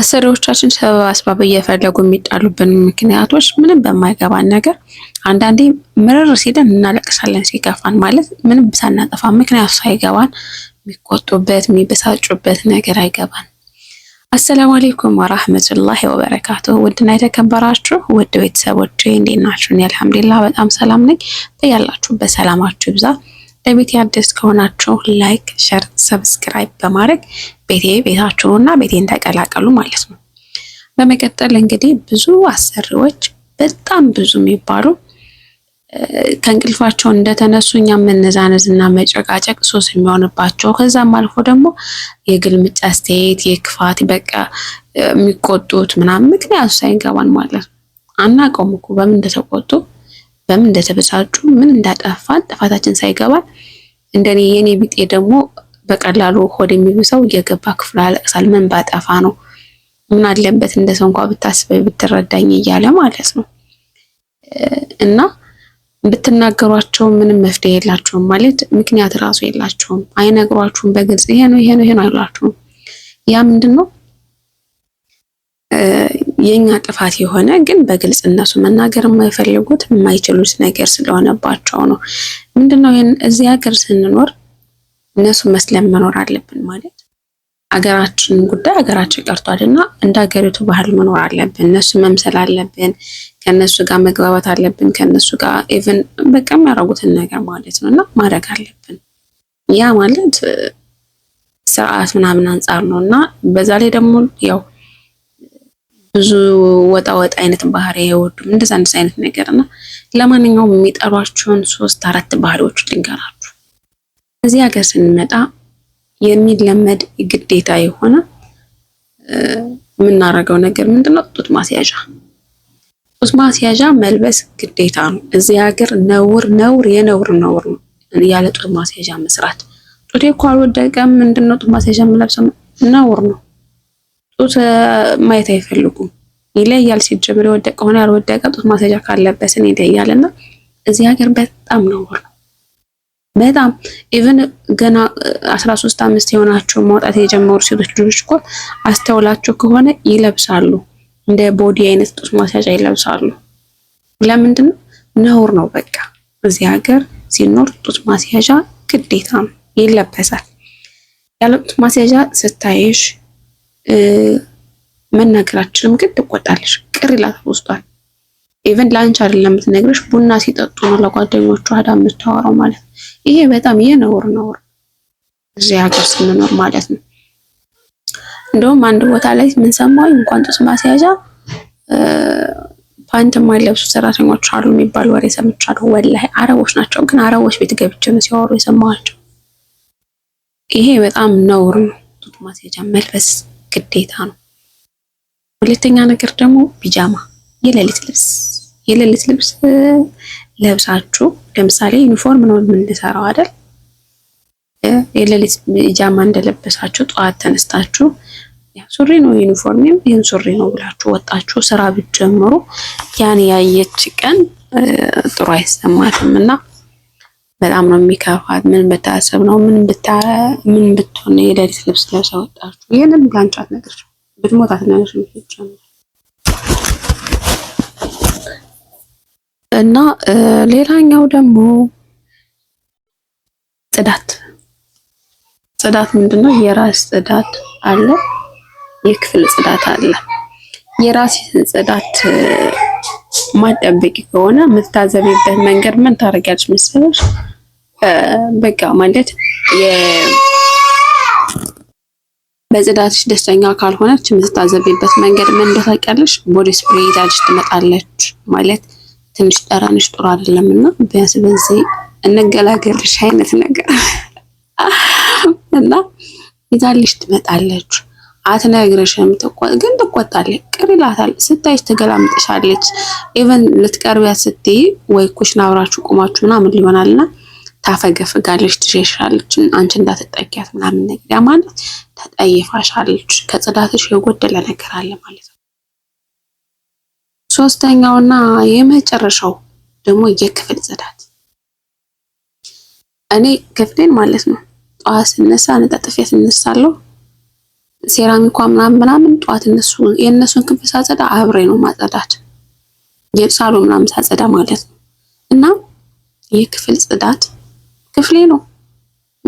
አሰሪዎቻችን ሰበብ አስባብ እየፈለጉ የሚጣሉብን ምክንያቶች ምንም በማይገባን ነገር አንዳንዴ ምርር ሲለን እናለቅሳለን ሲገፋን ማለት ምንም ሳናጠፋ ምክንያቱ ሳይገባን የሚቆጡበት የሚበሳጩበት ነገር አይገባን። አሰላሙ አሌይኩም ወራህመቱላሂ ወበረካቱ። ውድና የተከበራችሁ ውድ ቤተሰቦቼ እንዴት ናችሁ? እኔ አልሐምዱሊላህ በጣም ሰላም ነኝ። በያላችሁበት ሰላማችሁ ይብዛ። ለቤቴ አዲስ ከሆናችሁ ላይክ፣ ሸር፣ ሰብስክራይብ በማድረግ ቤቴ ቤታችሁና ቤቴ እንዳይቀላቀሉ ማለት ነው። በመቀጠል እንግዲህ ብዙ አሰሪዎች በጣም ብዙ የሚባሉ ከእንቅልፋቸው እንደተነሱ እኛ መነዛነዝ እና መጨቃጨቅ ሶስ የሚሆንባቸው ከዛም አልፎ ደግሞ የግልምጫ አስተያየት፣ የክፋት በቃ የሚቆጡት ምናምን ምክንያቱ ሳይገባን ማለት ነው። አናውቀውም እኮ በምን እንደተቆጡ በምን እንደተበሳጩ ምን እንዳጠፋን ጥፋታችን ሳይገባል እንደኔ የኔ ቢጤ ደግሞ በቀላሉ ሆድ የሚብሰው እየገባ ክፍል አለቅሳል። ምን ባጠፋ ነው ምን አለበት እንደ ሰው እንኳ ብታስበ ብትረዳኝ እያለ ማለት ነው። እና ብትናገሯቸው ምንም መፍትሄ የላቸውም ማለት ምክንያት እራሱ የላቸውም። አይነግሯችሁም በግልጽ ይሄ ነው ይሄ ነው ይሄ ነው አይሏችሁም። ያ ምንድን ነው የኛ ጥፋት የሆነ ግን በግልጽ እነሱ መናገር የማይፈልጉት የማይችሉት ነገር ስለሆነባቸው ነው። ምንድነው ይህን እዚህ ሀገር ስንኖር እነሱ መስለም መኖር አለብን ማለት አገራችን ጉዳይ አገራችን ቀርቷል እና እንደ ሀገሪቱ ባህል መኖር አለብን። እነሱ መምሰል አለብን። ከእነሱ ጋር መግባባት አለብን። ከእነሱ ጋር ኢቨን በቃ የሚያደርጉትን ነገር ማለት ነው እና ማድረግ አለብን። ያ ማለት ስርዓት ምናምን አንጻር ነው እና በዛ ላይ ደግሞ ያው ብዙ ወጣ ወጣ አይነት ባህሪ አይወዱም። እንደዛ እንደዛ አይነት ነገር እና ለማንኛውም የሚጠሯቸውን ሶስት አራት ባህሪዎች ልንገራችሁ። እዚህ ሀገር ስንመጣ የሚለመድ ግዴታ የሆነ የምናደርገው ነገር ምንድነው? ጡት ማስያዣ። ጡት ማስያዣ መልበስ ግዴታ ነው። እዚህ ሀገር ነውር ነውር የነውር ነውር ነው ያለ ጡት ማስያዣ መስራት። ጡቴ እኮ አልወደቀም ምንድነው ጡት ማስያዣ የምለብሰው ነውር ነው። ጡት ማየት አይፈልጉም። ይለያል ሲጀምር የወደቀ ሆነ ያልወደቀ ጡት ማስያዣ ካለበስን ይለያል። እና እዚህ ሀገር በጣም ነው በጣም ኢቨን ገና ሶስት አምስት የሆናቸው ማውጣት የጀመሩ ሴቶች ልጆች እኮ አስተውላቸው ከሆነ ይለብሳሉ፣ እንደ ቦዲ አይነት ጡት ማስያዣ ይለብሳሉ። ለምንድን ነው? ነውር ነው በቃ እዚህ ሀገር ሲኖር ጡት ማስያዣ ግዴታ ነው፣ ይለበሳል። ያለ ጡት ማስያዣ ስታይሽ መናገራችንም ግን ትቆጣለች ቅር ይላት ውስጧል። ኢቨን ላንች አይደለም የምትነግርሽ፣ ቡና ሲጠጡ ነው ለጓደኞቹ አዳ የምታወራው ማለት ነው። ይሄ በጣም የነውር ነውር እዚህ ሀገር ስንኖር ማለት ነው። እንደውም አንድ ቦታ ላይ ምን ሰማሁኝ፣ እንኳን ጡት ማስያዣ ፓንት የማይለብሱ ሰራተኞች አሉ የሚባል ወሬ ሰምቻለሁ። ወላሂ አረቦች ናቸው፣ ግን አረቦች ቤት ገብቼ ነው ሲያወሩ የሰማኋቸው። ይሄ በጣም ነውር ነው፣ ጡት ማስያዣ መልበስ ግዴታ ነው። ሁለተኛ ነገር ደግሞ ቢጃማ የሌሊት ልብስ የሌሊት ልብስ ለብሳችሁ ለምሳሌ ዩኒፎርም ነው የምንሰራው አይደል? የሌሊት ቢጃማ እንደለበሳችሁ ጠዋት ተነስታችሁ ሱሪ ነው ዩኒፎርምም ይህን ሱሪ ነው ብላችሁ ወጣችሁ ስራ ብትጀምሩ ያን ያየች ቀን ጥሩ አይሰማትም እና በጣም ነው የሚከፋት። ምን ብታስብ ነው ምን ብታረ ምን ብትሆን የሌሊት ልብስ ለብሳ ወጣችሁ? ይህንን ለአንቺ አትነግርሽም፣ ብትሞት አትነግርሽም። እና ሌላኛው ደግሞ ጽዳት ጽዳት ምንድነው? የራስ ጽዳት አለ፣ የክፍል ጽዳት አለ። የራስ ጽዳት ማጠበቂ ከሆነ የምትታዘቢበት መንገድ ምን ታደርጊያለሽ መሰለሽ? በቃ ማለት በጽዳትሽ ደስተኛ ካልሆነች የምትታዘቢበት መንገድ ምን እንደሆነ ቦዲ ስፕሬይ ይዛልሽ ትመጣለች ማለት ትንሽ ጠረንሽ ጥሩ አይደለም እና ቢያንስ በዚህ እንገላገልሽ አይነት ነገር እና ይዛልሽ ትመጣለች። አትነግርሽም፣ ግን ትቆጣለች፣ ቅር ይላታል። ስታይሽ ትገላምጥሻለች። ኢቨን ልትቀርቢያት ስትይ ወይ ኩሽና አብራችሁ ቁማችሁ ምናምን ሊሆናልና ታፈገፍጋለች፣ ትሸሻለች፣ አንቺ እንዳትጠጊያት ምናምን ነገር ያ ማለት ተጠይፋሻለች። ከጽዳትሽ የጎደለ ነገር አለ ማለት ነው። ሶስተኛውና የመጨረሻው ደግሞ የክፍል ጽዳት። እኔ ክፍሌን ማለት ነው ጠዋት ስነሳ ነጠጥፌ ስነሳለሁ። ሴራሚኳ ምናምን ምናምን ጠዋት እነሱ የእነሱን ክፍል ሳጸዳ አብሬ ነው ማጸዳት የሳሎን ምናምን ሳጸዳ ማለት ነው እና የክፍል ጽዳት ክፍሌ ነው።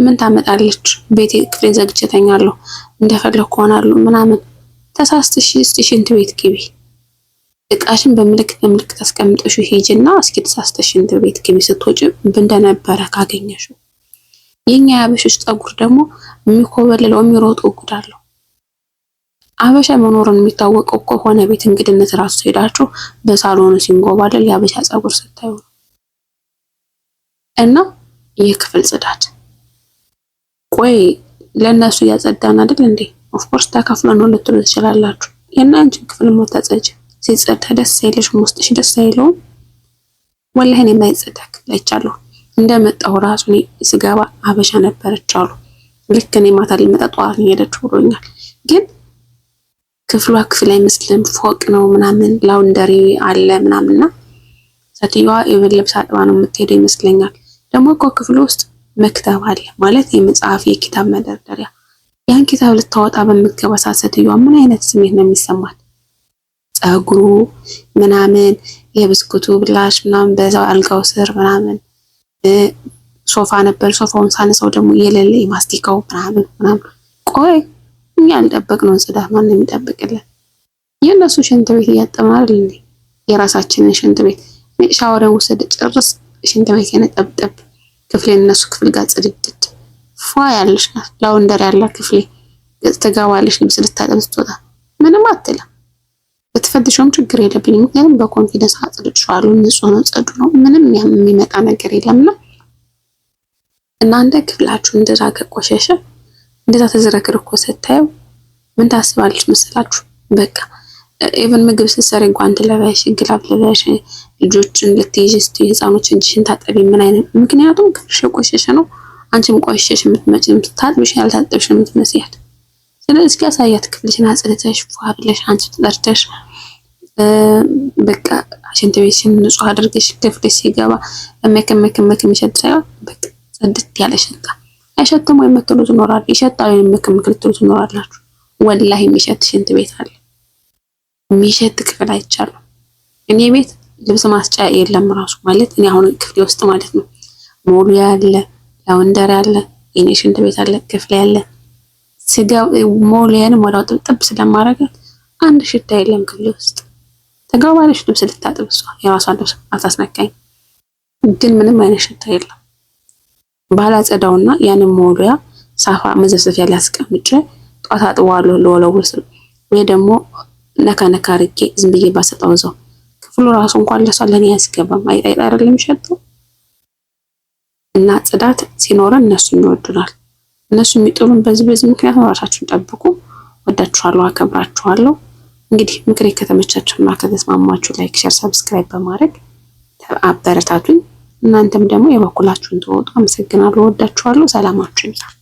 ምን ታመጣለች? ቤቴ ክፍሌ ዘግቼ እተኛለሁ፣ እንደፈለግ ከሆናሉ ምናምን። ተሳስተሽ እስቲ ሽንት ቤት ግቢ፣ እቃሽን በምልክት በምልክት አስቀምጠሹ ሄጅና እስኪ ተሳስተሽ ሽንት ቤት ግቢ፣ ስትወጪ እንደነበረ ካገኘሽ የኛ የአበሾች ፀጉር ደግሞ የሚኮበልለው የሚሮጥ ጉድ አለው። አበሻ መኖሩን የሚታወቀው ከሆነ ቤት እንግድነት ራሱ ሄዳችሁ በሳሎኑ ሲንጎባለል የአበሻ ፀጉር ስታዩ እና የክፍል ጽዳት። ቆይ ለእነሱ እያጸዳን አይደል እንዴ? ኦፍኮርስ ተካፍለን ነው ልትሉ ትችላላችሁ። የእናንችን ክፍል ሞታጸጅ ሲጸዳ ደስ አይልሽም? ውስጥሽ ደስ አይለውም? ወላህን የማይጸዳ ክፍል አይቻለሁ። እንደመጣሁ ራሱ ስገባ አበሻ ነበረች አሉ። ልክ እኔ ማታ ልመጣ ጠዋት ነው ብሎኛል። ግን ክፍሏ ክፍል አይመስልም፣ ፎቅ ነው ምናምን፣ ላውንደሪ አለ ምናምንና ሴትዮዋ የበለብ አጥባ ነው የምትሄደው ይመስለኛል። ደግሞ እኮ ክፍሉ ውስጥ መክተብ አለ ማለት የመጽሐፍ የኪታብ መደርደሪያ። ያን ኪታብ ልታወጣ በምትገባ ሰዓት ሴትዮዋ ምን አይነት ስሜት ነው የሚሰማት? ጸጉሩ ምናምን የብስኩቱ ብላሽ ምናምን በዛው አልጋው ስር ምናምን ሶፋ ነበር። ሶፋውን ሳነሳው ደግሞ የሌለ የማስቲካው ምናምን ምናምን። ቆይ እኛ ነው ጽዳት ማን ነው የሚጠብቅልን? የእነሱ ሽንት ቤት እያጠብን የራሳችንን ሽንት ቤት ሻወረን ውስድ ጭርስ ሽንት ቤት የነጠብጠብ ክፍሌ እነሱ ክፍል ጋር ጽድድድ ፏ ያለች ናት። ላውንደር ያላት ክፍሌ ትገባለች። ልብስ ልታጠብ ስትወጣ ምንም አትልም። በተፈትሸውም ችግር የለብኝ፣ ምክንያቱም በኮንፊደንስ አጽድቼዋለሁ። ንጹህ ነው፣ ጸዱ ነው። ምንም የሚመጣ ነገር የለምና እናንተ ክፍላችሁ እንደዛ ከቆሸሸ እንደዛ ተዝረክርኮ ስታየው ምን ታስባለች መሰላችሁ? በቃ ኢቨን ምግብ ስትሰሪ ጓንት ለበሽ፣ ግላብ ለበሽ፣ ልጆችን ልትይዥ ስትይ ህፃኖችን እጅሽን ታጠቢ። ምን አይነት ምክንያቱም ክፍልሽ ቆሸሸ ነው። አንቺም ቆሸሽ የምትመጪ ታጥብሽ ያልታጠብሽ የምትመስያት ስለዚህ እስኪ ያሳያት ክፍልሽን አጽድተሽ ፏ ብለሽ አንቺ ተጠርተሽ በቃ ሽንት ቤትሽን ንጹህ አድርገሽ ክፍልሽ ሲገባ መከመከመክ የሚሸት ሳይሆን በቃ ጽድት ያለ ሽንት አይሸትም ወይ የምትሉ ትኖራል ይሸጣ ወይ መከመክ ትሉ ትኖራላችሁ። ወላሂ የሚሸት ሽንት ቤት አለ። የሚሸጥ ክፍል አይቻልም። እኔ ቤት ልብስ ማስጫ የለም ራሱ ማለት እኔ አሁን ክፍሌ ውስጥ ማለት ነው። ሞሉ ያለ ላውንደር ያለ የኔ ሽንት ቤት አለ ክፍሌ ያለ ስጋ ሞሊያን ወዳው ጥብጥብ ስለማረጋት አንድ ሽታ የለም ክፍሌ ውስጥ። ተጋባሪሽ ልብስ ልታጥብ እሷ የራሷ ልብስ አታስነካኝ፣ ግን ምንም አይነት ሽታ የለም። ባላጸዳውና ያንን ሞሉያ ሳፋ መዘፍዘፊያ ላስቀምጬ ጧት አጥበዋለሁ ልወለውል ስል ወይ ደግሞ ነካ ነካ አድርጌ ዝም ብዬ ባሰጠው እዛው ክፍሉ ራሱ እንኳን ለሷ ለኔ አያስገባም። አይጣይጥ እና ጽዳት ሲኖረን እነሱ ይወዱናል። እነሱ የሚጥሉን በዚህ በዚህ ምክንያት ነው። ራሳችሁን ጠብቁ። ወዳችኋለሁ፣ አከብራችኋለሁ። እንግዲህ ምክሬ እና ከተስማማችሁ ላይክ፣ ሼር፣ ሰብስክራይብ በማድረግ አበረታቱኝ። እናንተም ደግሞ የበኩላችሁን ተወጡ። አመሰግናለሁ። ወዳችኋለሁ። ሰላማችሁ ይብዛል።